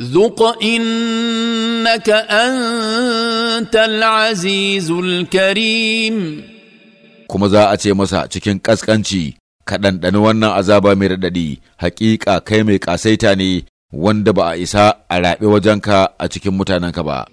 ذق انك انت العزيز الكريم kuma za a ce masa cikin ƙasƙanci ka ɗanɗani wannan azaba mai raɗaɗi haƙiƙa kai mai ƙasaita ne wanda ba a isa a raɓe wajenka a cikin mutanenka ba